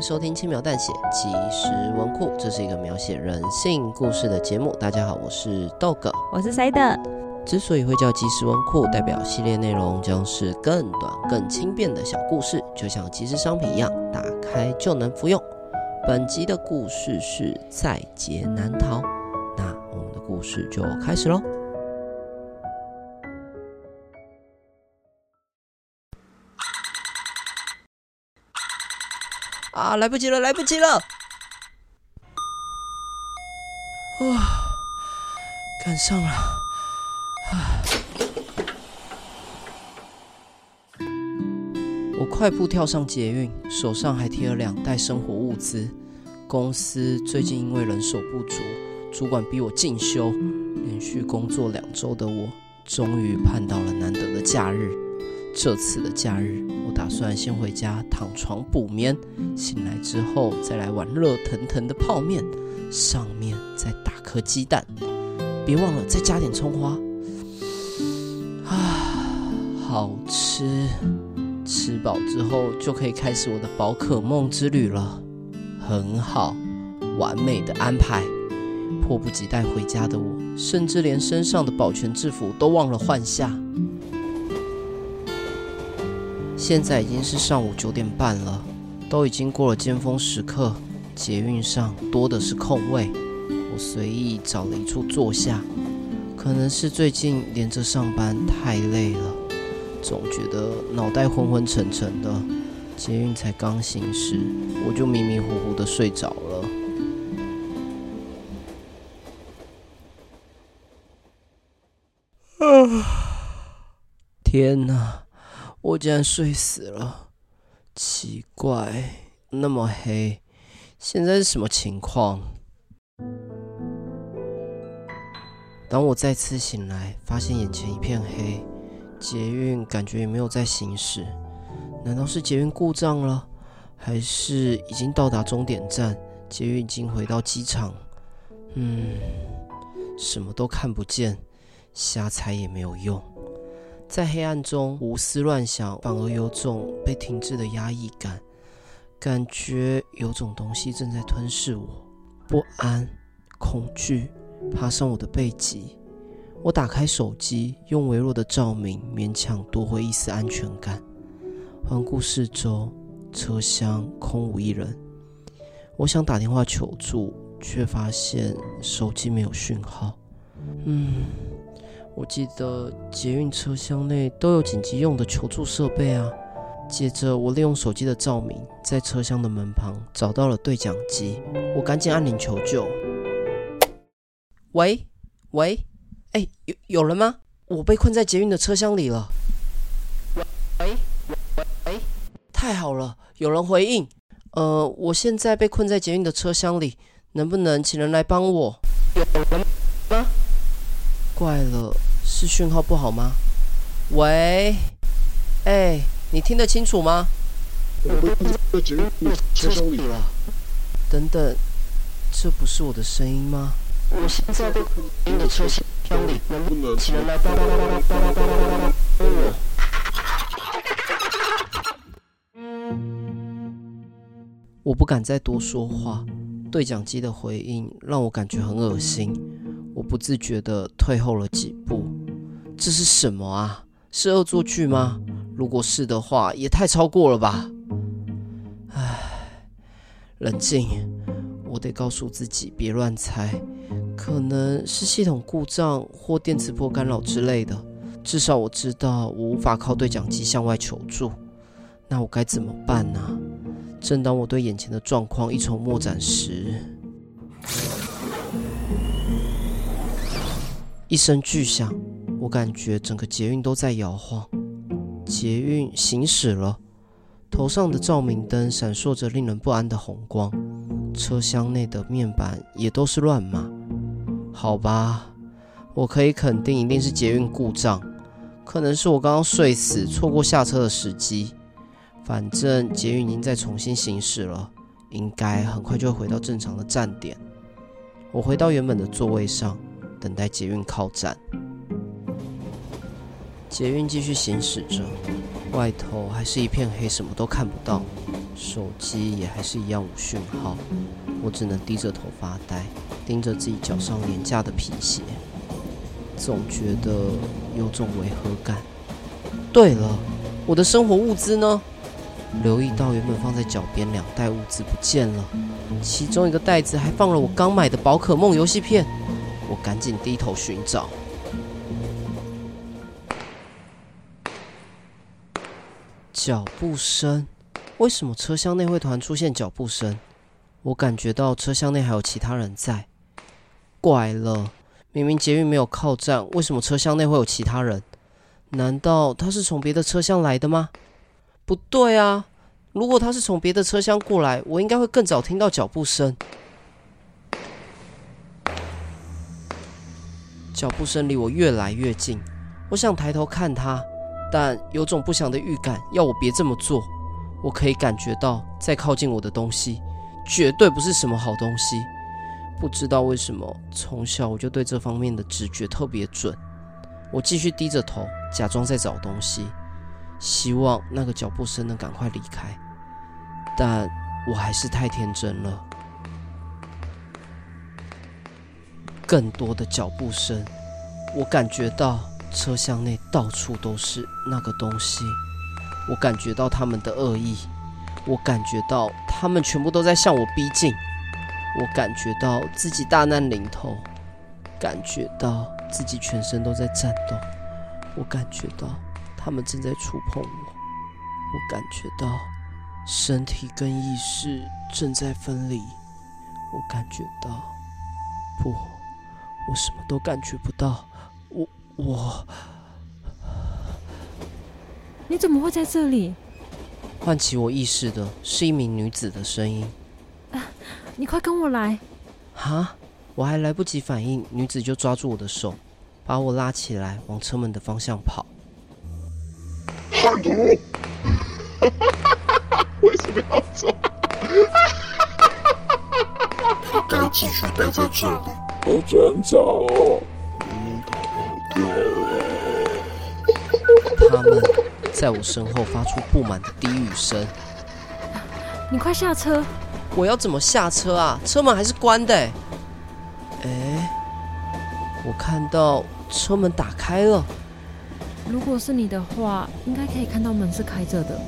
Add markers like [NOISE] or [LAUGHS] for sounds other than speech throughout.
收聽輕描淡血即食文庫，這是一個描寫人性故事的節目。大家好，我是豆哥，我是塞德。之所以會叫即食文庫，代表系列內容將是更短、更輕便的小故事，就像即食商品一樣，打開就能服用。本集的故事是在捷難逃，那我們的故事就開始嘍。啊，來不及了，來不及了！哇，趕上了！我快步跳上捷運，手上還提了兩袋生活物資。公司最近因為人手不足，主管逼我進修，嗯、連續工作兩周的我，終於盼到了難得的假日。這次的假日，我打算先回家躺床補眠，醒來之後再來碗熱騰騰的泡麵，上面再打顆雞蛋，別忘了再加點蔥花。啊，好吃！吃飽之後就可以開始我的寶可夢之旅了，很好，完美的安排。迫不及待回家的我，甚至連身上的保全制服都忘了換下。現在已經是上午九點半了，都已經過了尖峰時刻，捷運上多的是空位。我隨意找了一處坐下，可能是最近連着上班太累了，總覺得腦袋昏昏沉沉的。捷運才剛行駛，我就迷迷糊糊的睡着了。啊！天哪！我竟然睡死了，奇怪，那麼黑，現在是什麼情況？當我再次醒來，發現眼前一片黑，捷運感覺也沒有在行駛，難道是捷運故障了？還是已經到達終點站，捷運已經回到機場？嗯，什麼都看不見，瞎猜也沒有用。在黑暗中胡思亂想，反而有種被停滯的壓抑感，感覺有種東西正在吞噬我，不安、恐懼爬上我的背脊。我打開手機，用微弱的照明勉強奪回一絲安全感。環顧四周，車廂空無一人。我想打電話求助，卻發現手機沒有訊號。嗯。我記得捷運車廂內都有緊急用的求助設備啊。接着，我利用手機的照明，在車廂的門旁找到了對講機，我趕緊按鈴求救。喂喂，哎、欸，有有人嗎？我被困在捷運的車廂裡了。喂喂喂，喂，太好了，有人回應。呃，我現在被困在捷運的車廂裡，能不能請人來幫我？有人嗎？怪了。是訊號不好嗎？喂，哎、欸，你聽得清楚嗎？我你的 me, 等等，這不是我的聲音嗎？我現在被困在捷運的車廂裡，能不能？ [LAUGHS] 我不敢再多說話，對講機 ra 的回應讓我感覺很噁心，嗯、我不自覺的退後了幾步。這是什麼啊？是惡作劇嗎？如果是的話，也太超過了吧！唉，冷靜，我得告訴自己別亂猜，可能是系統故障或電磁波干擾之類的。至少我知道我無法靠對講機向外求助。那我該怎麼辦呢、啊？正當我對眼前的狀況一籌莫展時，一聲巨響。我感覺整個捷運都在搖晃，捷運行駛了，頭上的照明燈閃爍着令人不安的紅光，車廂內的面板也都是亂碼。好吧，我可以肯定一定是捷運故障，可能是我剛剛睡死錯過下車的時機。反正捷運已經在重新行駛了，應該很快就會回到正常的站點。我回到原本的座位上，等待捷運靠站。捷運繼續行駛着，外頭還是一片黑，什麼都看不到，手機也還是一樣無訊號，我只能低着頭發呆，盯着自己腳上廉價的皮鞋，總覺得有種違和感。對了，我的生活物資呢？留意到原本放在腳邊兩袋物資不見了，其中一個袋子還放了我剛買的寶可夢遊戲片，我趕緊低頭尋找。腳步聲，為什麼車廂內會突然出現腳步聲？我感覺到車廂內還有其他人在。怪了，明明捷運沒有靠站，為什麼車廂內會有其他人？難道他是從別的車廂來的嗎？不對啊，如果他是從別的車廂過來，我應該會更早聽到腳步聲。腳步聲離我越來越近，我想抬頭看他。但有種不祥的預感，要我別這麼做。我可以感覺到，在靠近我的東西，絕對不是什麼好東西。不知道為什麼，從小我就對這方面的直覺特別準。我繼續低着頭，假裝在找東西，希望那個腳步聲能趕快離開。但我還是太天真了。更多的腳步聲，我感覺到。車廂內到處都是那個東西，我感覺到他們的惡意，我感覺到他們全部都在向我逼近，我感覺到自己大難臨頭，感覺到自己全身都在顫抖，我感覺到他們正在觸碰我，我感覺到身體跟意識正在分離，我感覺到不，我什麼都感覺不到。我，你怎麼會在這裡？喚起我意識的是一名女子的聲音。啊、你快跟我來！啊！我還來不及反應，女子就抓住我的手，把我拉起來往車門的方向跑。放毒， [LAUGHS] 為什麼要走？啊、該繼續待在這裡，啊、我轉走。他們在我身後發出不滿的低語聲。你快下車！我要怎麼下車啊？車門還是關的欸。哎、欸，我看到車門打開了。如果是你的話，應該可以看到門是開着的。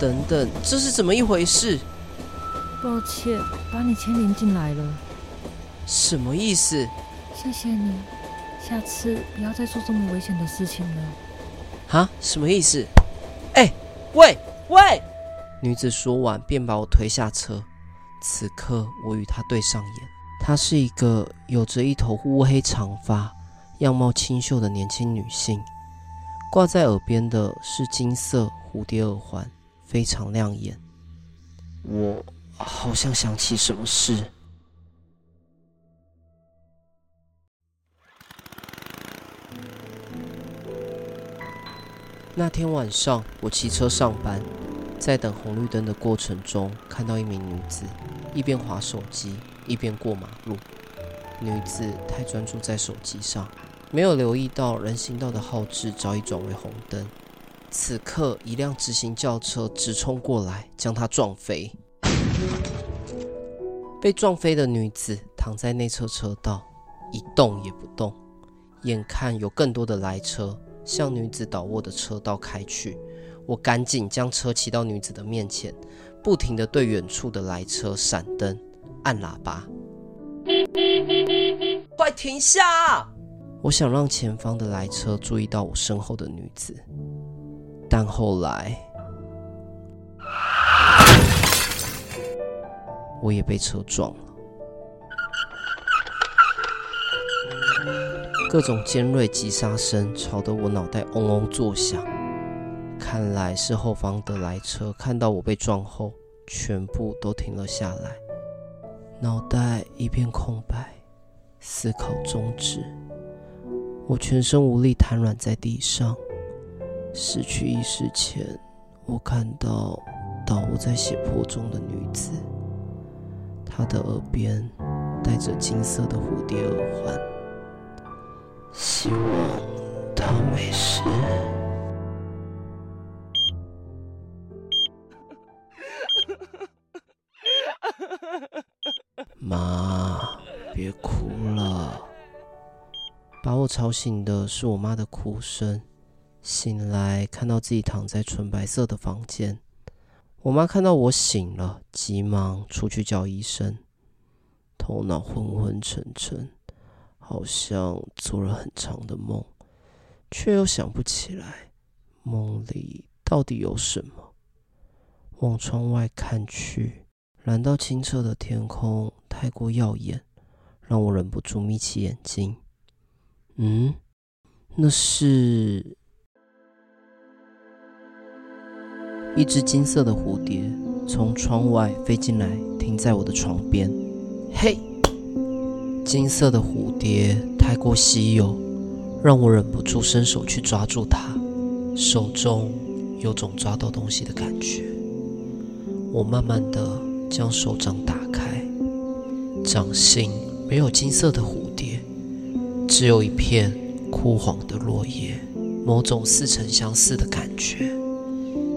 等等，這是怎麼一回事？抱歉，把你牽連進來了。什麼意思？謝謝你。下次不要再做這麼危險的事情了。哈？什麼意思？哎、欸，喂喂！女子說完便把我推下車。此刻我與她對上眼，她是一個有着一頭烏黑長髮、樣貌清秀的年輕女性，掛在耳邊的是金色蝴蝶耳環，非常亮眼。我好像想起什麼事。那天晚上，我騎車上班，在等紅綠燈的過程中，看到一名女子一邊滑手機，一邊過馬路。女子太專注在手機上，沒有留意到人行道的號志早已轉為紅燈。此刻，一輛直行轎車直衝過來，將她撞飛。 [LAUGHS] 被撞飛的女子躺在內側車道，一動也不動，眼看有更多的來車。向女子倒臥的車道開去，我趕緊將車騎到女子的面前，不停的對遠處的來車閃燈、按喇叭。快停下！我想讓前方的來車注意到我身後的女子，但後來，我也被車撞了。各種尖銳急剎聲吵得我腦袋嗡嗡作響，看來是後方的來車看到我被撞後，全部都停了下來。腦袋一片空白，思考終止，我全身無力癱軟在地上。失去意識前，我看到倒臥在血泊中的女子，她的耳邊戴着金色的蝴蝶耳環。希望他沒事。媽，別哭了。把我吵醒的是我媽的哭聲。醒來看到自己躺在純白色的房間。我媽看到我醒了，急忙出去叫醫生。頭腦昏昏沉沉。好像做了很長的夢，卻又想不起來，夢裡到底有什麼？往窗外看去，藍到清澈的天空太過耀眼，讓我忍不住眯起眼睛。嗯，那是……一隻金色的蝴蝶從窗外飛進來，停在我的床邊。嘿、hey! 金色的蝴蝶太過稀有，讓我忍不住伸手去抓住它，手中有種抓到東西的感覺。我慢慢的將手掌打開，掌心沒有金色的蝴蝶，只有一片枯黃的落葉，某種似曾相似的感覺，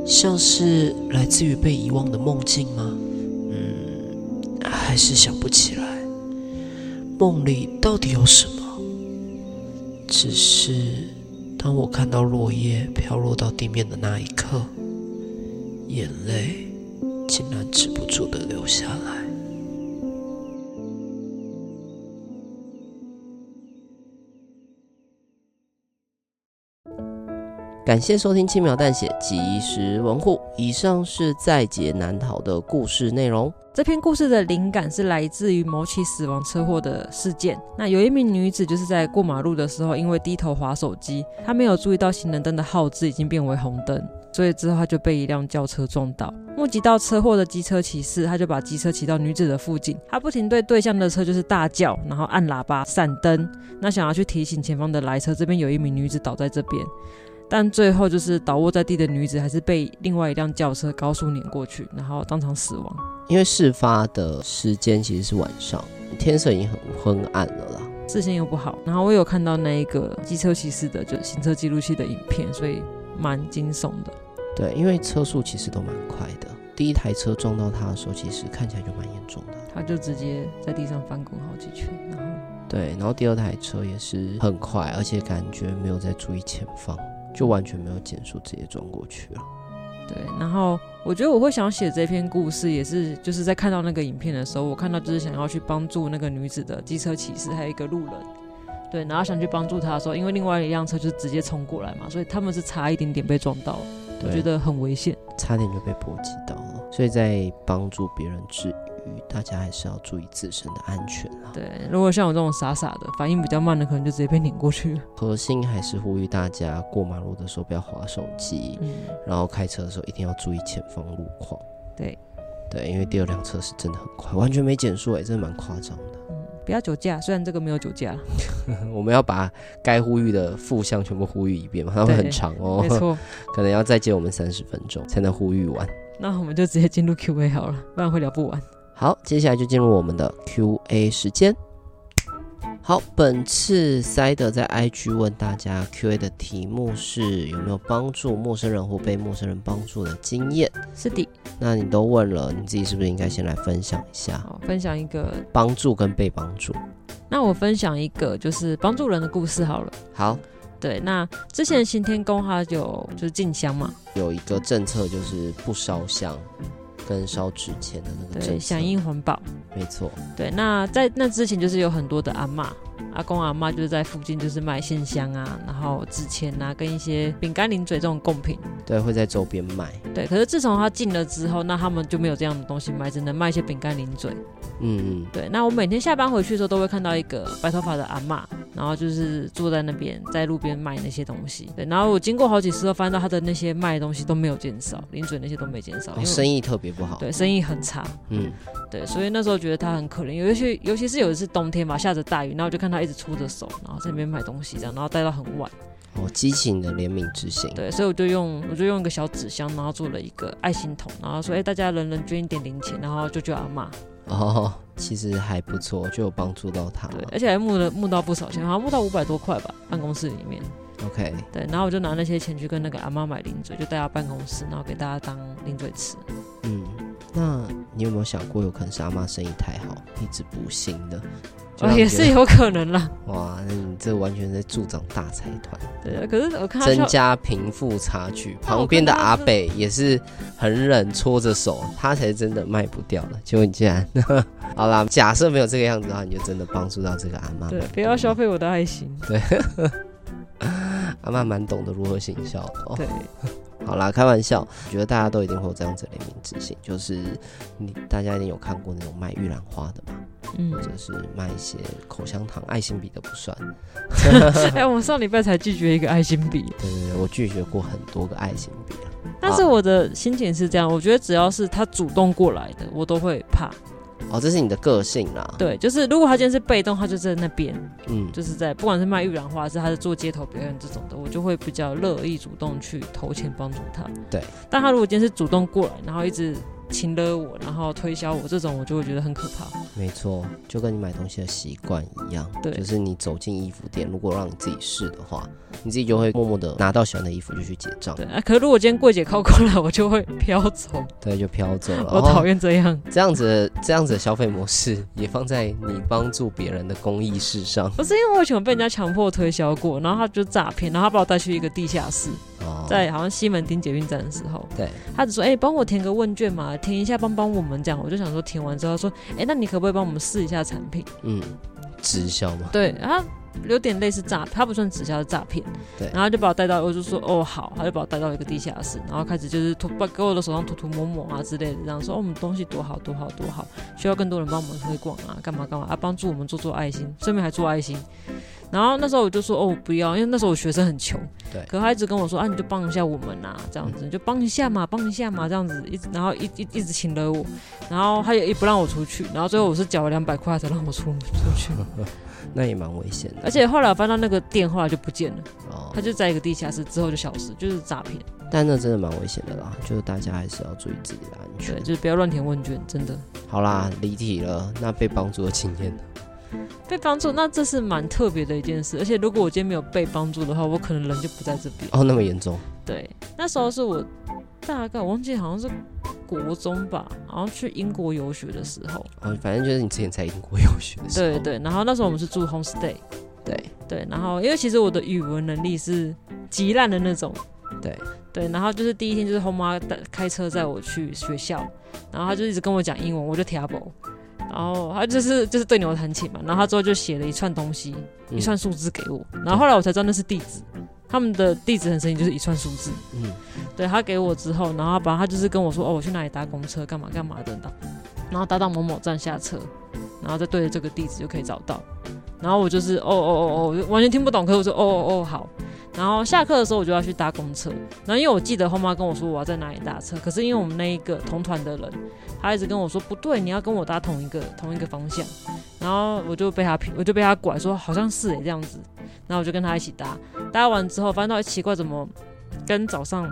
像是來自於被遺忘的夢境嗎？嗯，還是想不起來。夢裡到底有什麼？只是當我看到落葉飄落到地面的那一刻，眼淚竟然止不住的流下來。感謝收聽《輕描淡寫·即食文庫》。以上是在劫難逃的故事內容。這篇故事的靈感是來自於某起死亡車禍的事件。那有一名女子就是在過馬路的時候，因為低頭滑手機，她沒有注意到行人燈的號誌已經變為紅燈，所以之後她就被一輛轎車撞倒。目擊到車禍的機車騎士，他就把機車騎到女子的附近，他不停對對向的車就是大叫，然後按喇叭、閃燈，那想要去提醒前方的來車，這邊有一名女子倒在這邊。但最後，就是倒臥在地的女子還是被另外一輛轎車高速碾過去，然後當場死亡。因為事發的時間其實是晚上，天色已經很昏暗了啦，視線又不好。然後我有看到那一個機車騎士的，就行車記錄器的影片，所以蠻驚悚的。對，因為車速其實都蠻快的，第一台車撞到她的時候，其實看起來就蠻嚴重的啊。她就直接在地上翻滾好幾圈，然後對，然後第二台車也是很快，而且感覺沒有在注意前方。就完全沒有減速，直接撞過去了。對，然後我覺得我會想寫這篇故事，也是就是在看到那個影片的時候，我看到就是想要去幫助那個女子的機車騎士，還有一個路人。對，然後想去幫助他的時候，因為另外一輛車就直接衝過來嘛，所以他們是差一點點被撞到了，對我覺得很危險，差點就被波及到了。所以在幫助別人之大家還是要注意自身的安全啊！對，如果像我這種傻傻的、反應比較慢的，可能就直接被碾過去了。核心還是呼籲大家過馬路的時候不要滑手機，嗯、然後開車的時候一定要注意前方路況。對，對，因為第二輛車是真的很快，完全沒減速、欸，真的蠻誇張的、嗯。不要酒駕，雖然這個沒有酒駕。 [LAUGHS] 我們要把該呼籲的負向全部呼籲一遍嘛？它會很長哦、喔，沒錯，可能要再接我們三十分鐘才能呼籲完。那我們就直接進入 Q A 好了，不然會聊不完。好，接下來就進入我們的 Q A 時間。好，本次 Side 在 IG 問大家 Q A 的題目是有沒有幫助陌生人或被陌生人幫助的經驗？是的。那你都問了，你自己是不是應該先來分享一下？好，分享一個幫助跟被幫助。那我分享一個就是幫助人的故事好了。好，對，那之前行天宮它有就是進香嘛？有一個政策就是不燒香。跟燒紙錢的那個，對，響應環保，沒錯。對，那在那之前，就是有很多的阿嬤。阿公阿媽就是在附近，就是賣線香啊，然後紙錢啊，跟一些餅乾、零嘴這種貢品。對，會在周邊賣。對，可是自從他進了之後，那他們就沒有這樣的東西賣，只能賣一些餅乾、零嘴。嗯嗯，對。那我每天下班回去的時候，都會看到一個白頭髮的阿媽，然後就是坐在那邊，在路邊賣那些東西。對，然後我經過好幾次，都發現到他的那些賣的東西都沒有減少，零嘴那些都沒減少、欸，生意特別不好。對，生意很差。嗯，對。所以那時候覺得他很可憐，尤其尤其是有一次冬天嘛，下着大雨，那我就看。看他一直出着手，然後在那邊買東西，這樣，然後待到很晚。哦，激情的憐憫之心。對，所以我就用，我就用一個小紙箱，然後做了一個愛心桶，然後說，哎、欸，大家人人捐一點零錢，然後救救阿媽。哦，其實還不錯，就有幫助到他。對，而且還募了募到不少錢，好像募到五百多塊吧，辦公室裡面。OK。對，然後我就拿那些錢去跟那個阿媽買零嘴，就帶到辦公室，然後給大家當零嘴吃。嗯，那你有沒有想過，有可能是阿媽生意太好，一直不行的？哇，也是有可能啦。哇，你這完全在助長大財團。對，可是我看到增加貧富差距。旁邊的阿伯也是很冷，搓着手，他才真的賣不掉了。結果你竟然，好啦。假設沒有這個樣子的話，你就真的幫助到這個阿媽。對，不要消費我的愛心。對， [LAUGHS] 阿媽蠻懂得如何行銷的喔。對。好啦，開玩笑，我覺得大家都一定會有這樣子的一名自信，就是你大家一定有看過那種賣玉蘭花的嘛，嗯，或者是賣一些口香糖、愛心筆的不算。哎、 [LAUGHS] 欸，我上禮拜才拒絕一個愛心筆。 [LAUGHS] 對對對，我拒絕過很多個愛心筆、啊、但是我的心情是這樣，我覺得只要是他主動過來的，我都會怕。哦，這是你的個性啦啊。對，就是如果他今天是被動，他就在那邊，嗯，就是在不管是賣玉蘭花，還是他是做街頭表演這種的，我就會比較樂意主動去投錢幫助他。對，但他如果今天是主動過來，然後一直，親了我，然後推銷我這種，我就會覺得很可怕。沒錯，就跟你買東西的習慣一樣。對，就是你走進衣服店，如果讓你自己試的話，你自己就會默默的拿到喜歡的衣服就去結賬。對、啊，可是如果今天櫃姐靠過來，我就會飄走。對，就飄走了。然後我討厭這樣。這樣子，這樣子的消費模式也放在你幫助別人的公益事上。不是因為我喜歡被人家強迫推銷過，然後他就詐騙，然後他把我帶去一個地下室。在好像西門町捷運站的時候，對，他只說，哎、欸，幫我填個問卷嘛，填一下，幫幫我們這樣，我就想說，填完之後說，哎、欸，那你可不可以幫我們試一下產品？嗯，直銷嘛。對，啊。有點類似詐他不算直銷的詐騙。對。然後就把我帶到，我就說哦好，他就把我帶到一個地下室，然後開始就是塗，給我的手上塗塗抹抹啊之類的，這樣說、哦、我們東西多好多好多好，需要更多人幫我們推廣啊，幹嘛幹嘛啊，幫助我們做做愛心，順便還做愛心。然後那時候我就說哦不要，因為那時候我學生很窮。對。可他一直跟我說啊你就幫一下我們吶、啊，這樣子你、嗯、就幫一下嘛，幫一下嘛，這樣子一直，然後一一直一直請了我，然後他也一不讓我出去，然後最後我是繳了兩百塊才讓我出出去。 [LAUGHS] 那也蠻危險的，而且後來我翻到那個電話就不見了，哦、他就在一個地下室，之後就消失，就是詐騙。但那真的蠻危險的啦，就是大家還是要注意自己的安全，就是不要亂填問卷，真的。對好啦，離題了，那被幫助的經驗被幫助，那這是蠻特別的一件事，而且如果我今天沒有被幫助的話，我可能人就不在這邊哦，那麼嚴重。對，那時候是我大概忘記，好像是。國中吧，然後去英國遊學的時候，哦，反正就是你之前在英國遊學的時候，對對，然後那時候我們是住 home stay、嗯、對對，然後因為其實我的語文能力是極爛的那種，對對，然後就是第一天就是後媽帶媽開車載我去學校，然後她就一直跟我講英文，我就聽不懂，然後她就是就是對牛彈琴嘛，然後她最後就寫了一串東西，嗯、一串數字給我，然後後來我才知道那是地址。他們的地址很神奇，就是一串數字。嗯，對他給我之後，然後他把他就是跟我說，哦，我去哪裡搭公車，幹嘛幹嘛等等，然後搭到某某站下車，然後再對着這個地址就可以找到。然後我就是哦哦哦哦，就、哦哦哦，完全聽不懂。可是我說哦哦哦好。然後下課的時候我就要去搭公車，然後因為我記得後媽跟我說我要在哪裡搭車，可是因為我們那一個同團的人，他一直跟我說不對，你要跟我搭同一個同一個方向。然後我就被他，我就被他拐說，好像是欸，這樣子，然後我就跟他一起搭，搭完之後發現到奇怪，怎麼跟早上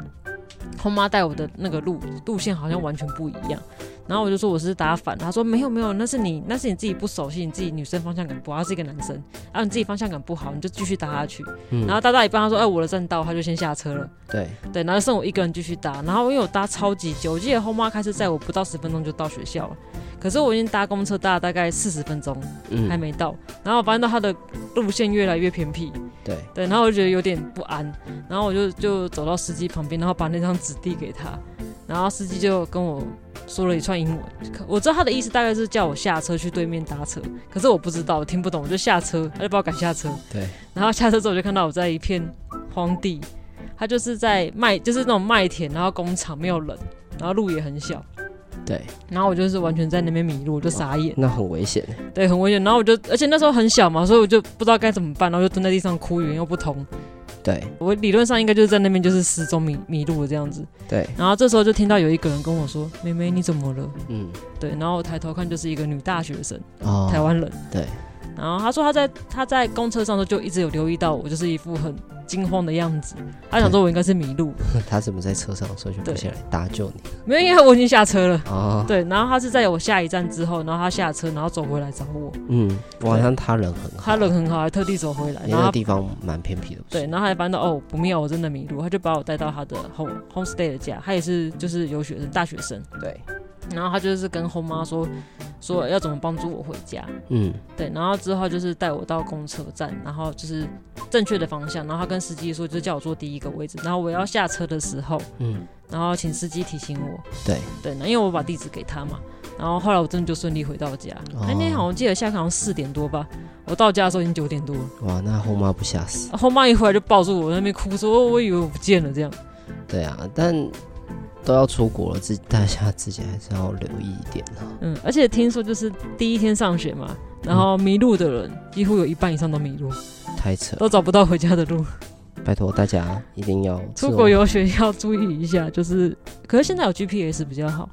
後媽帶我的那個路路線好像完全不一樣？嗯、然後我就說我是搭反，他說沒有沒有，那是你那是你自己不熟悉，你自己女生方向感不好，他是一個男生，然後、啊、你自己方向感不好，你就繼續搭下去。嗯、然後搭到一半，他說哎，我的站到，他就先下車了。對對，然後剩我一個人繼續搭，然後因為我搭超級久，我記得後媽開車載我不到十分鐘就到學校了。可是我已經搭公車搭了大概四十分鐘，嗯、還沒到。然後我發現到他的路線越來越偏僻，對，對，然後我就覺得有點不安。然後我就就走到司機旁邊，然後把那張紙遞給他，然後司機就跟我說了一串英文。我知道他的意思大概是叫我下車去對面搭車，可是我不知道，我聽不懂，我就下車，他就把我趕下車。對，然後下車之後我就看到我在一片荒地，他就是在麥，就是那種麥田，然後工廠沒有人，然後路也很小。對，然後我就是完全在那邊迷路，我就傻眼。哦，那很危險。對，很危險。然後我就，而且那時候很小嘛，所以我就不知道該怎麼辦，然後就蹲在地上哭，語言又不通。對，我理論上應該就是在那邊就是失蹤迷迷路了這樣子。對，然後這時候就聽到有一個人跟我說：“妹妹，你怎麼了？”嗯，對。然後我抬頭看，就是一個女大學生，哦，台灣人。對。然後她說她在她在公車上時候就一直有留意到我，就是一副很，驚慌的樣子，他想說：“我應該是迷路。”他怎麼在車上，所以就下來搭救你？沒有，因為我已經下車了。哦，對，然後他是在我下一站之後，然後他下車，然後走回來找我。嗯，我好像他人很好，好。他人很好，還特地走回來。他那個地方蠻偏僻的。對，然後他一看到哦不妙，我真的迷路，他就把我帶到他的 home home stay 的家。他也是就是遊學生，大學生。對。然後他就是跟後媽說，說要怎麼幫助我回家。嗯，對。然後之後就是帶我到公車站，然後就是正確的方向。然後他跟司機說，就叫我坐第一個位置。然後我要下車的時候，嗯，然後請司機提醒我。對對，那因為我把地址給他嘛。然後後來我真的就順利回到家。那天、哦哎、好像記得下課好像四點多吧，我到家的時候已經九點多。哇，那後媽不嚇死？後媽一回來就抱住我，在那邊哭說：“我我以為我不見了這樣。”對啊，但。都要出國了，自己大家自己還是要留意一點。嗯，而且聽說就是第一天上學嘛，然後迷路的人、嗯、幾乎有一半以上都迷路，太扯了，都找不到回家的路。拜託大家一定要出國遊學要注意一下，就是可是現在有 GPS 比較好。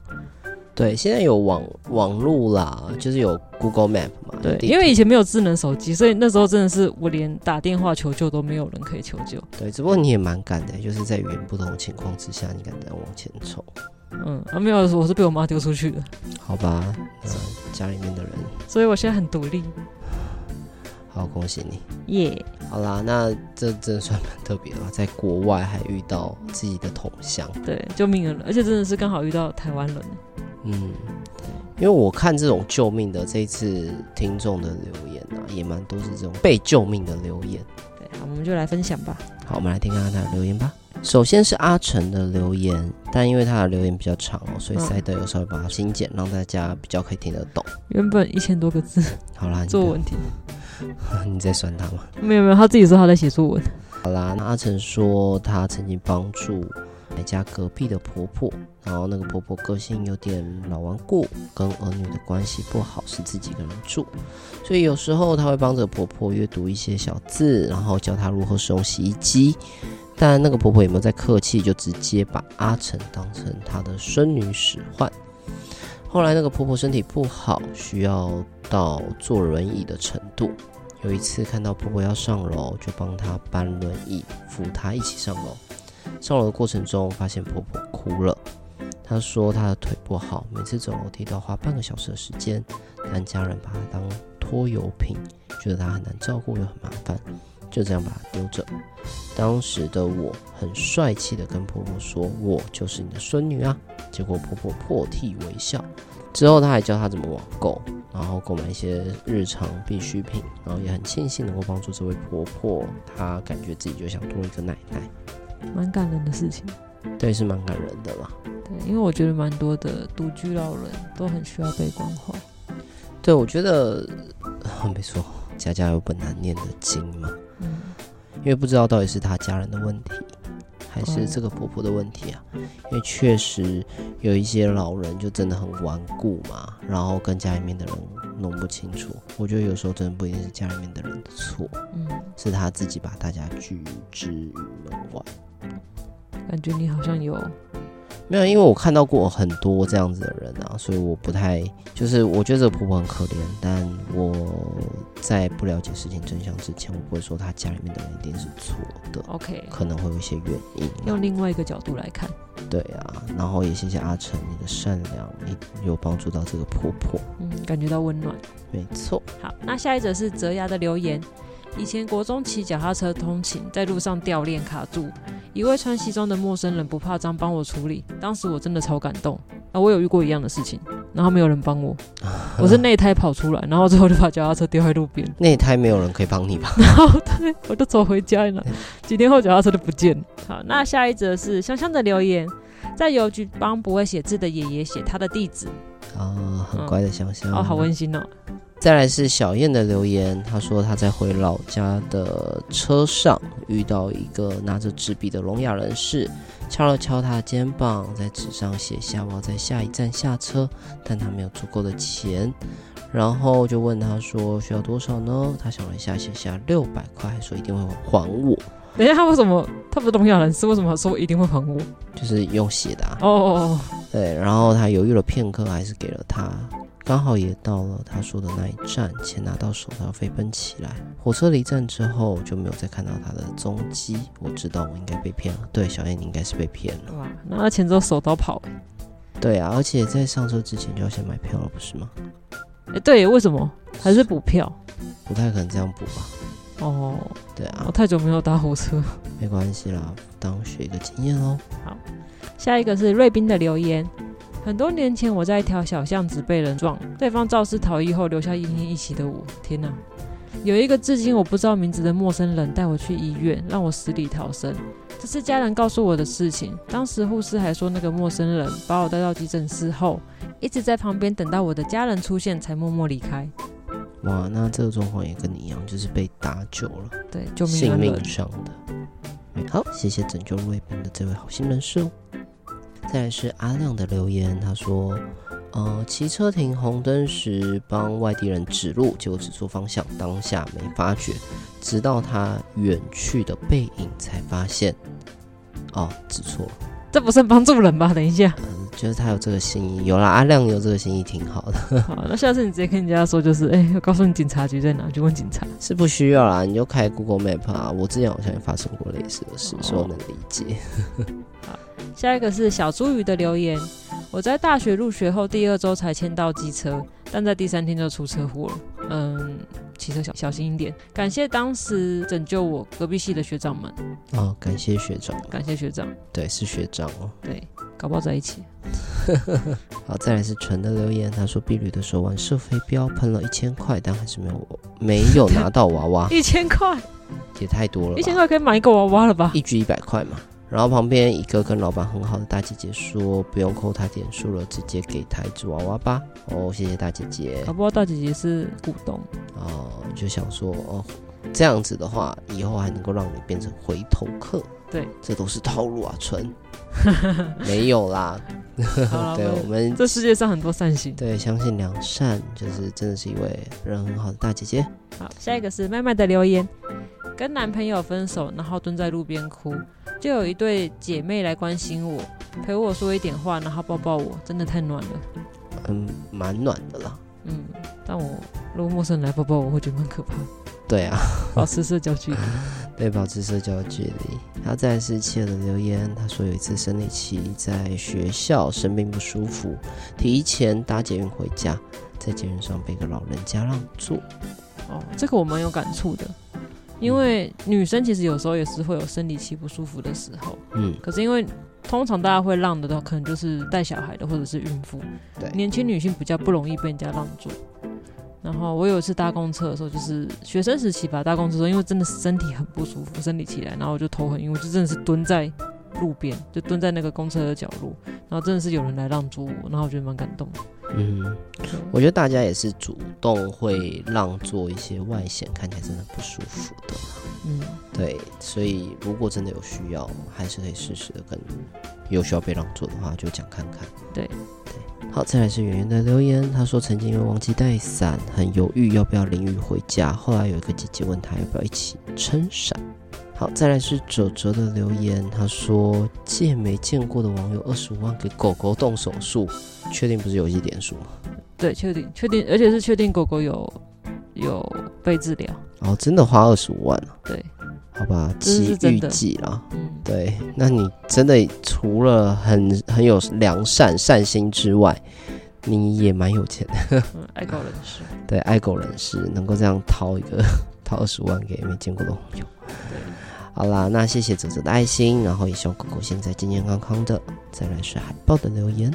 對，現在有網網路啦，就是有 Google Map 嘛。對，因為以前沒有智能手機，所以那時候真的是我連打電話求救都沒有人可以求救。對，只不過你也蠻敢的，就是在語言不同的情況之下，你敢再往前衝。嗯，啊沒有的時候我是被我媽丟出去的。好吧，嗯，家裡面的人。所以我現在很獨立。好，恭喜你。耶 Yeah。好啦，那這真的算蠻特別啦，在國外還遇到自己的同鄉。對，救命人，而且真的是剛好遇到台灣人。嗯，因為我看這種救命的這一次聽眾的留言啊，也蠻多是這種被救命的留言。對，好，我們就來分享吧。好，我們來聽看他，他的留言吧。首先是阿成的留言，但因為他的留言比較長哦、喔，所以塞德有稍微把它精簡，哦、讓大家比較可以聽得懂。原本一千多個字。好啦，你作文題。 [LAUGHS] 你在酸他嗎？沒有沒有，他自己說他在寫作文。好啦，那阿成說他曾經幫助。來家隔壁的婆婆，然後那個婆婆個性有點老頑固，跟兒女的關係不好，是自己一個人住，所以有時候她會幫着婆婆閱讀一些小字，然後教她如何使用洗衣機。但那個婆婆也沒有再客氣，就直接把阿成當成她的孫女使喚。後來那個婆婆身體不好，需要到坐輪椅的程度。有一次看到婆婆要上樓，就幫她搬輪椅，扶她一起上樓。上樓的過程中，發現婆婆哭了。她說她的腿不好，每次走樓梯都要花半個小時的時間。但家人把她當拖油瓶，覺得她很難照顧又很麻煩，就這樣把她丟着。當時的我很帥氣的跟婆婆說：“我就是你的孫女啊。”結果婆婆破涕為笑。之後她還教她怎麼網購，然後購買一些日常必需品。然後也很慶幸能夠幫助這位婆婆，她感覺自己就像多了一個奶奶。蠻感人的事情，對，是蠻感人的嘛。對，因為我覺得蠻多的獨居老人都很需要被關懷。對，我覺得、呃、沒錯，家家有本難念的經嘛。嗯。因為不知道到底是他家人的問題，還是這個婆婆的問題啊？嗯、因為確實有一些老人就真的很頑固嘛，然後跟家裡面的人弄不清楚。我覺得有時候真的不一定是家裡面的人的錯，嗯，是他自己把大家拒之於門外。感覺你好像有，沒有？因為我看到過很多這樣子的人啊，所以我不太就是，我覺得這個婆婆很可憐。但我在不了解事情真相之前，我不會說她家裡面的人一定是錯的。OK，可能會有一些原因，啊，用另外一個角度來看。對啊，然後也謝謝阿誠你的善良，你有幫助到這個婆婆，嗯，感覺到溫暖。沒錯，好，那下一則是澤牙的留言：以前國中騎腳踏車通勤，在路上掉鏈卡住。一位穿西裝的陌生人不怕髒，幫我處理。當時我真的超感動。啊，我有遇過一樣的事情，然後沒有人幫我。 [LAUGHS] 我是內胎跑出來，然後最後就把腳踏車丟在路邊。內胎沒有人可以幫你吧？ [LAUGHS] 然後對我都走回家了。 [LAUGHS] 幾天後，腳踏車就不見了。 [LAUGHS] 好，那下一則是香香的留言，在郵局幫不會寫字的爺爺寫他的地址。啊，oh, 很乖的香香。哦、嗯，oh, 好溫馨哦、喔。再來是小燕的留言，她說她在回老家的車上遇到一個拿着紙筆的聾啞人士，敲了敲他的肩膀，在紙上寫下我要在下一站下車，但他沒有足夠的錢，然後就問他說需要多少呢？他想了一下600，寫下六百塊，說一定會還我。等一下，他為什麼？他不是聾啞人士，為什麼說一定會還我？就是用寫的哦、啊，oh oh oh. 對，然後他猶豫了片刻，還是給了他。剛好也到了他說的那一站，錢拿到手，他要飛奔起來。火車離站之後，就沒有再看到他的蹤跡。我知道我應該被騙了。對，小燕，你應該是被騙了。對啊，拿錢之後手都跑了。對啊，而且在上車之前就要先買票了，不是嗎？欸，對，為什麼？還是補票是？不太可能這樣補吧？哦，對啊，我太久沒有搭火車，沒關係啦，當學一個經驗哦。好，下一個是瑞斌的留言。很多年前，我在一條小巷子被人撞，對方肇事逃逸後留下奄奄一息的我。天吶，有一個至今我不知道名字的陌生人帶我去醫院，讓我死裡逃生。這是家人告訴我的事情。當時護士還說，那個陌生人把我帶到急診室後，一直在旁邊等到我的家人出現才默默離開。哇，那這個狀況也跟你一樣，就是被搭救了，對，救命，性命上的。好，謝謝拯救瑞本的這位好心人士哦。再來是阿亮的留言，他說：“呃，騎車停紅燈時幫外地人指路，結果指出方向，當下沒發覺，直到他遠去的背影才發現，哦，指錯了，這不是幫助人吧？等一下、呃，就是他有這個心意，有啦，阿亮有這個心意挺好的。好，那下次你直接跟人家說，就是，哎、欸，要告訴你警察局在哪？就問警察，是不需要啦，你就開 Google Map 啊。我之前好像也發生過類似的事，所以我能理解。哦” [LAUGHS] 下一個是小茱萸的留言，我在大學入學後第二周才簽到機車，但在第三天就出車禍了。嗯，騎車小小心一點。感謝當時拯救我隔壁系的學長們。哦，感謝學長，感謝學長。對，是學長哦。對，搞不好在一起。 [LAUGHS] 好，再來是純的留言，他說，碧綠的手腕射飛鏢，噴了一千塊，但還是沒有我沒有拿到娃娃。 [LAUGHS] 一千塊塊也太多了，一千塊可以買一個娃娃了吧？一局一百塊嘛。然後旁邊一個跟老板很好的大姐姐說：“不用扣他點數了，直接給他一隻娃娃吧。”哦，謝謝大姐姐。搞不好大姐姐是股東哦，就想說哦，這樣子的話，以後還能夠讓你變成回頭客。對，這都是套路啊，純。 [LAUGHS] [LAUGHS] 沒有啦， [LAUGHS] 啦 [LAUGHS] 對我們這世界上很多善心。對，相信良善，就是真的是一位人很好的大姐姐。好，下一個是麥麥的留言，嗯、跟男朋友分手，然後蹲在路邊哭。就有一對姐妹來關心我，陪我說一點話，然後抱抱我，嗯、真的太暖了。嗯，蠻暖的啦。嗯，但我如果陌生人來抱抱我，我會覺得很可怕。對啊，保持、哦、 [LAUGHS] 社交距離。對，保持社交距離。還有 [LAUGHS] 再是七月的留言，他說有一次生理期在學校生病不舒服，提前搭捷運回家，在捷運上被一個老人家讓座。哦，這個我蠻有感觸的。因為女生其實有時候也是會有生理期不舒服的時候，嗯，可是因為通常大家會讓的都可能就是帶小孩的或者是孕婦，對，年輕女性比較不容易被人家讓座。然後我有一次搭公車的時候，就是學生時期吧，搭公車的時候，因為真的是身體很不舒服，生理期來，然後我就頭很暈，我就真的是蹲在。路邊就蹲在那個公車的角落，然後真的是有人來讓座，然後我覺得蠻感動的，嗯，所以我覺得大家也是主動會讓座一些外顯看起來真的不舒服的。嗯，對，所以如果真的有需要，還是可以試試的。跟有需要被讓座的話，就講看看。對對，好，再來是圓圓的留言，她說曾經因為忘記帶傘，很猶豫要不要淋雨回家，後來有一個姐姐問她要不要一起撐傘。好，再來是哲哲的留言。他說：“借沒見過的網友二十五萬給狗狗動手術，確定不是遊戲點數嗎？”“對，確定，確定，而且是確定狗狗有有被治療。”“哦，真的花二十五萬啊？對，好吧，奇遇記啦。對，那你真的除了很很有良善善心之外，你也蠻有錢的、 [LAUGHS] 嗯，愛狗人士。”“對，愛狗人士能夠這樣掏一個掏二十五萬給沒見過的網友。”“對。”好啦，那謝謝澤澤的愛心，然後也希望狗狗現在健健康康的。再來是海報的留言，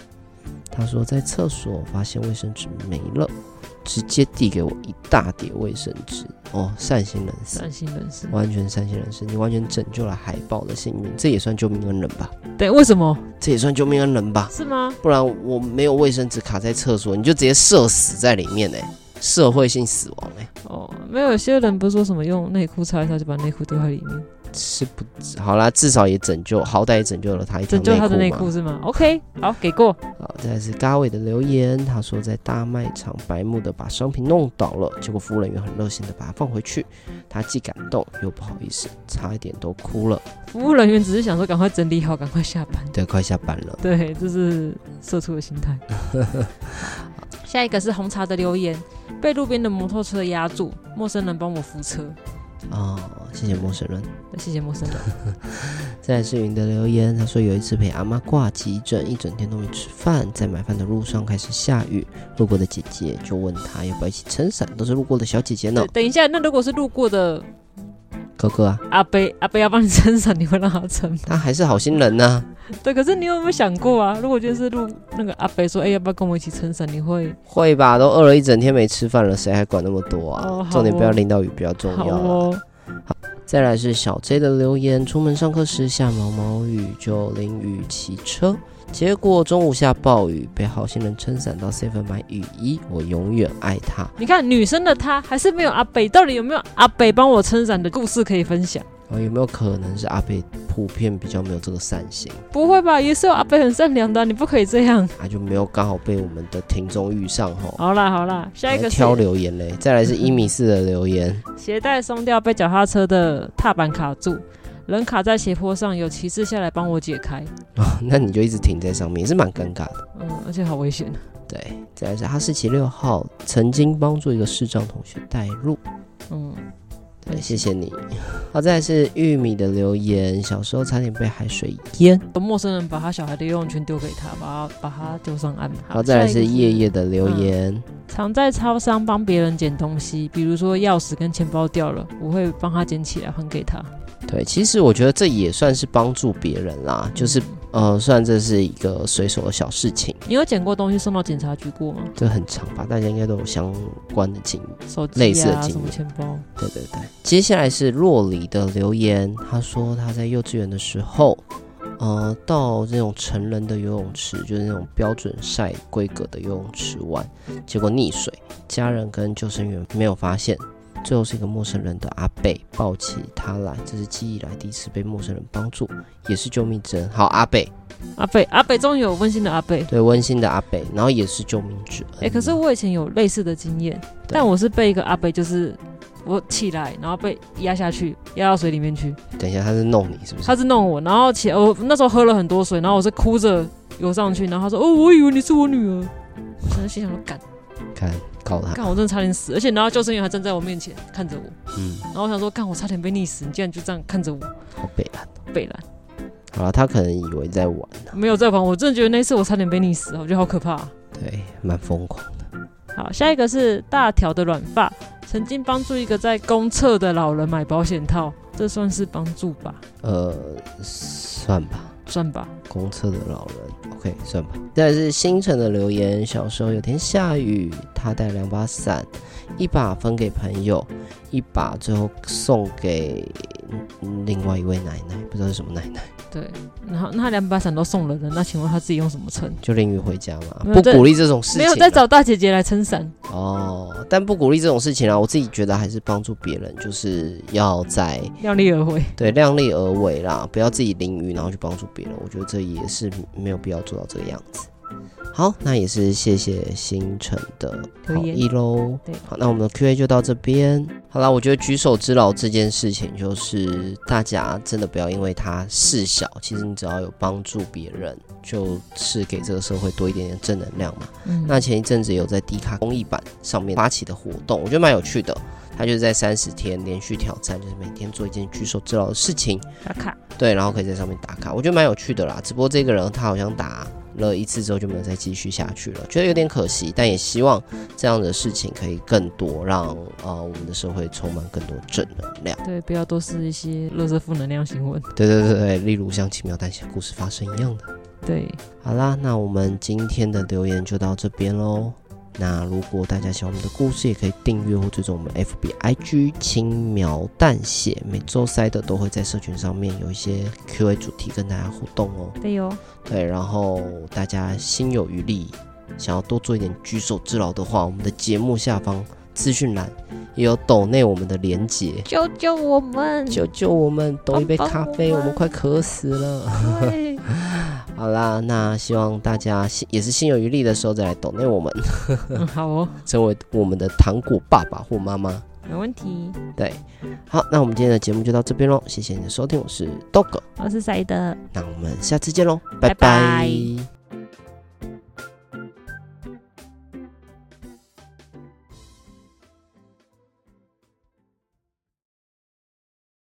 他說，在廁所發現衛生紙沒了，直接遞給我一大疊衛生紙。哦，善心人士，善心人士，完全善心人士，你完全拯救了海報的性命，這也算救命恩人吧？對，為什麼？這也算救命恩人吧？是嗎？不然我沒有衛生紙卡在廁所，你就直接社死在裡面嘞、欸，社會性死亡嘞、欸。哦，沒有，有些人不是說什麼用內褲擦擦就把內褲丟在裡面。是不好啦。至少也拯救，好歹也拯救了他一條內褲嘛。拯救他的內褲是嗎？OK，好，給過。好，再來是高偉的留言，他說在大賣場白目的把商品弄倒了，結果服務人員很熱心的把它放回去，他既感動又不好意思，差一點都哭了。服務人員只是想說趕快整理好，趕快下班。對，快下班了。對，這是社畜的心態。 [LAUGHS] 好下一個是紅茶的留言，被路邊的摩托車壓住，陌生人幫我扶車。哦，謝謝陌生人。謝謝陌生人。再來 [LAUGHS] 是雲的留言，他說有一次陪阿媽掛急診，一整天都沒吃飯，在買飯的路上開始下雨，路過的姐姐就問他要不要一起撐傘，都是路過的小姐姐呢。等一下，那如果是路過的？哥哥、啊、阿伯阿伯要幫你撐傘，你會讓他撐他、啊、還是好心人呢、啊。 [LAUGHS] 對，可是你有沒有想過啊？如果就是路那個阿伯說，哎、欸，要不要跟我一起撐傘？你會會吧？都餓了一整天沒吃飯了，誰還管那麼多啊？哦哦、重點不要淋到雨比較重要。哦。好，再來是小 J 的留言：出門上課時下毛毛雨就淋雨騎車。結果中午下暴雨，被好心人撐傘到 seven 買雨衣，我永遠愛他。你看女生的她還是沒有阿北，到底有沒有阿北幫我撐傘的故事可以分享？哦、啊，有沒有可能是阿北普遍比較沒有這個善心？不會吧，也是有阿北很善良的、啊，你不可以這樣。那就沒有剛好被我們的聽眾遇上吼，好啦好啦，下一個挑留言嘞，再來是一米四的留言，鞋帶鬆掉被腳踏車的踏板卡住。人卡在斜坡上，有騎士下來幫我解開。哦，那你就一直停在上面，也是蠻尷尬的。嗯，而且好危險、啊。對，再來是哈士奇六號，曾經幫助一個視障同學帶路。嗯，對，謝謝你。好、嗯哦，再來是玉米的留言：小時候差點被海水淹，陌生人把他小孩的游泳圈丟給他，把他把他丟上岸。好、啊，再來是夜夜的留言：嗯、常在超商幫別人撿東西，比如說鑰匙跟錢包掉了，我會幫他撿起來還給他。對，其實我覺得這也算是幫助別人啦，嗯、就是呃，算這是一個隨手的小事情。你有撿過東西送到警察局過嗎？這很常吧，大家應該都有相關的經歷，啊、類似的經歷。錢包。對對對。接下來是若里的留言，他說他在幼稚園的時候，呃，到那種成人的游泳池，就是那種標準賽規格的游泳池玩，結果溺水，家人跟救生員沒有發現。最後是一個陌生人的阿伯抱起他來，這是記憶來第一次被陌生人幫助，也是救命之恩。好，阿伯，阿伯，阿伯，終於有溫馨的阿伯，對，溫馨的阿伯，然後也是救命之恩。哎、欸，可是我以前有類似的經驗，但我是被一個阿伯，就是我起來，然後被壓下去，壓到水裡面去。等一下，他是弄你是不是？他是弄我，然後起來，我那時候喝了很多水，然後我是哭着游上去，然後他說：“哦，我以為你是我女兒。”然後心想：，敢看。看我真的差點死，而且然後救生員還站在我面前看着我，嗯，然後我想說，看我差點被溺死，你竟然就這樣看着我，好悲慘，悲慘，啊，他可能以為在玩呢？啊，沒有在玩，我真的覺得那一次我差點被溺死，我覺得好可怕，啊，對，蠻瘋狂的。好，下一個是大條的軟髮，曾經幫助一個在公廁的老人買保險套，這算是幫助吧？呃，算吧。算吧，公廁的老人，OK，算吧。再來是星辰的留言：小時候有天下雨，他帶兩把傘，一把分給朋友，一把最後送給另外一位奶奶，不知道是什麼奶奶。對，然後那兩把傘都送人了，那請問他自己用什麼撐？就淋雨回家嘛，沒有，不鼓勵這種事情啊。沒有在找大姐姐來撐傘哦，但不鼓勵這種事情啊。我自己覺得還是幫助別人，嗯，就是要在量力而為，對，量力而為啦，不要自己淋雨然後去幫助別人，我覺得這也是沒有必要做到這個樣子。好，那也是謝謝星辰的好意嘍。對，好，那我們的 Q A 就到這邊。好啦，我覺得舉手之勞這件事情，就是大家真的不要因為它事小，其實你只要有幫助別人，就是給這個社會多一點點正能量嘛。嗯、那前一陣子有在 D 卡公益版上面發起的活動，我覺得蠻有趣的。他就是在三十天連續挑戰，就是每天做一件舉手之勞的事情打卡。對，然後可以在上面打卡，我覺得蠻有趣的啦。只不過這個人他好像打。了一次之後就沒有再繼續下去了，覺得有點可惜，但也希望這樣的事情可以更多，讓呃、我們的社會充滿更多正能量。對，不要都是一些垃圾負能量新聞。對對對對，例如像奇妙探險故事發生一樣的。對，好啦，那我們今天的留言就到這邊嘍。那如果大家喜歡我們的故事，也可以訂閱或追蹤我們 F B I G 輕描淡血。每周三的都會在社群上面有一些 Q A 主題跟大家互動哦。對哦，對，然後大家心有餘力，想要多做一點舉手之勞的話，我們的節目下方資訊欄也有抖內我們的連結。救救我們！救救我們！抖一杯咖啡，幫幫我們，我們快渴死了。對。 [LAUGHS] 好啦，那希望大家心也是心有餘力的時候再來抖內我們、 [LAUGHS] 嗯。好哦，成為我們的糖果爸爸或媽媽，沒問題。對，好，那我們今天的節目就到這邊嘍，謝謝你的收聽，我是 Dog，我、哦、是塞德，那我們下次見嘍，拜拜。拜拜。